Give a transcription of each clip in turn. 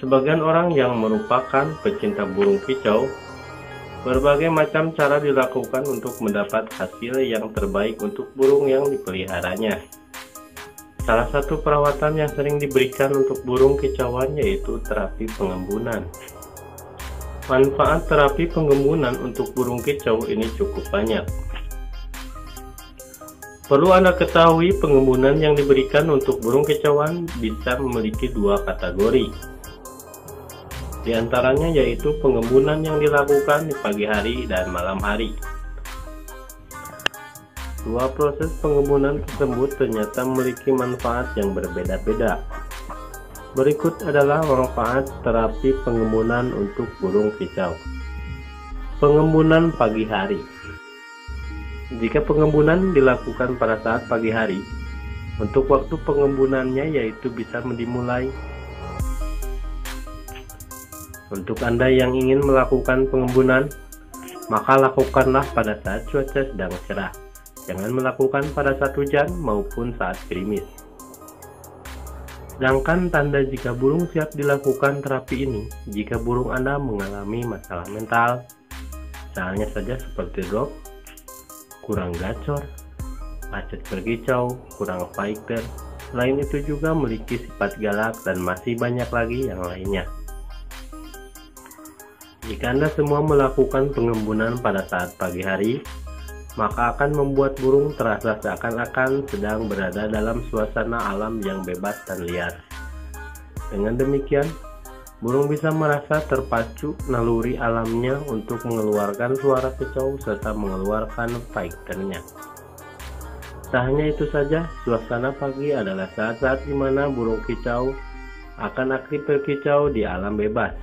Sebagian orang yang merupakan pecinta burung kicau, berbagai macam cara dilakukan untuk mendapat hasil yang terbaik untuk burung yang dipeliharanya. Salah satu perawatan yang sering diberikan untuk burung kicauan yaitu terapi pengembunan. Manfaat terapi pengembunan untuk burung kicau ini cukup banyak. Perlu Anda ketahui pengembunan yang diberikan untuk burung kicauan bisa memiliki dua kategori, di antaranya yaitu pengembunan yang dilakukan di pagi hari dan malam hari. Dua proses pengembunan tersebut ternyata memiliki manfaat yang berbeda-beda. Berikut adalah manfaat terapi pengembunan untuk burung kicau. Pengembunan pagi hari. Jika pengembunan dilakukan pada saat pagi hari, untuk waktu pengembunannya yaitu bisa dimulai untuk Anda yang ingin melakukan pengembunan, maka lakukanlah pada saat cuaca sedang cerah. Jangan melakukan pada saat hujan maupun saat gerimis. Sedangkan tanda jika burung siap dilakukan terapi ini, jika burung Anda mengalami masalah mental, misalnya saja seperti drop, kurang gacor, macet bergicau, kurang fighter, selain itu juga memiliki sifat galak dan masih banyak lagi yang lainnya. Jika Anda semua melakukan pengembunan pada saat pagi hari, maka akan membuat burung terasa seakan-akan sedang berada dalam suasana alam yang bebas dan liar. Dengan demikian, burung bisa merasa terpacu naluri alamnya untuk mengeluarkan suara kicau serta mengeluarkan fighternya. Tak hanya itu saja, suasana pagi adalah saat-saat di mana burung kicau akan aktif berkicau di alam bebas,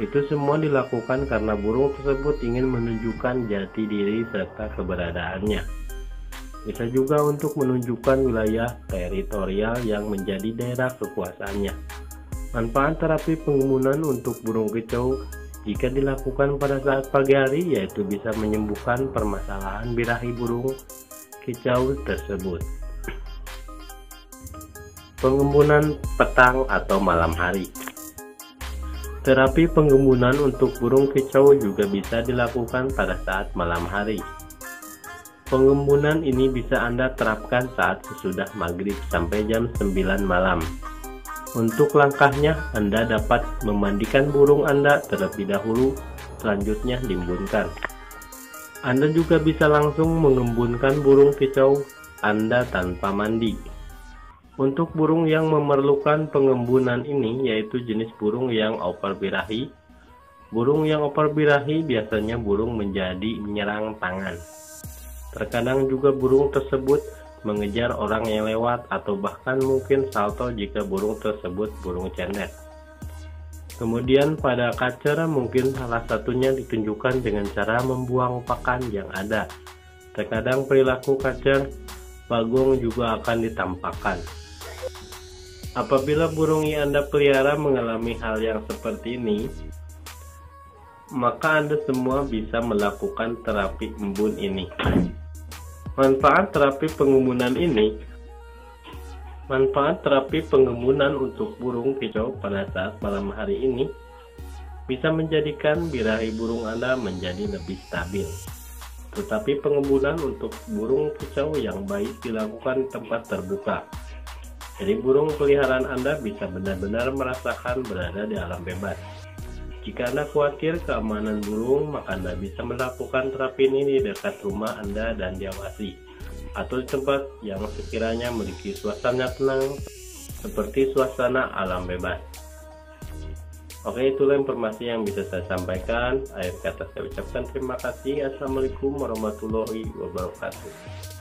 itu semua dilakukan karena burung tersebut ingin menunjukkan jati diri serta keberadaannya. Bisa juga untuk menunjukkan wilayah teritorial yang menjadi daerah kekuasaannya. Manfaat terapi pengumuman untuk burung kicau jika dilakukan pada saat pagi hari yaitu bisa menyembuhkan permasalahan birahi burung kicau tersebut. Pengembunan petang atau malam hari Terapi pengembunan untuk burung kicau juga bisa dilakukan pada saat malam hari. Pengembunan ini bisa Anda terapkan saat sesudah maghrib sampai jam 9 malam. Untuk langkahnya, Anda dapat memandikan burung Anda terlebih dahulu, selanjutnya diembunkan. Anda juga bisa langsung mengembunkan burung kicau Anda tanpa mandi. Untuk burung yang memerlukan pengembunan ini yaitu jenis burung yang birahi, Burung yang birahi biasanya burung menjadi menyerang tangan. Terkadang juga burung tersebut mengejar orang yang lewat atau bahkan mungkin salto jika burung tersebut burung cendet. Kemudian pada kacer mungkin salah satunya ditunjukkan dengan cara membuang pakan yang ada. Terkadang perilaku kacer bagong juga akan ditampakkan. Apabila burung yang Anda pelihara mengalami hal yang seperti ini, maka Anda semua bisa melakukan terapi embun ini. Manfaat terapi pengembunan ini Manfaat terapi pengembunan untuk burung kicau pada saat malam hari ini bisa menjadikan birahi burung Anda menjadi lebih stabil. Tetapi pengembunan untuk burung kicau yang baik dilakukan tempat terbuka, jadi burung peliharaan Anda bisa benar-benar merasakan berada di alam bebas. Jika Anda khawatir keamanan burung, maka Anda bisa melakukan terapi ini di dekat rumah Anda dan diawasi, atau di tempat yang sekiranya memiliki suasana tenang seperti suasana alam bebas. Oke, itulah informasi yang bisa saya sampaikan. Akhir kata saya ucapkan terima kasih. Assalamualaikum warahmatullahi wabarakatuh.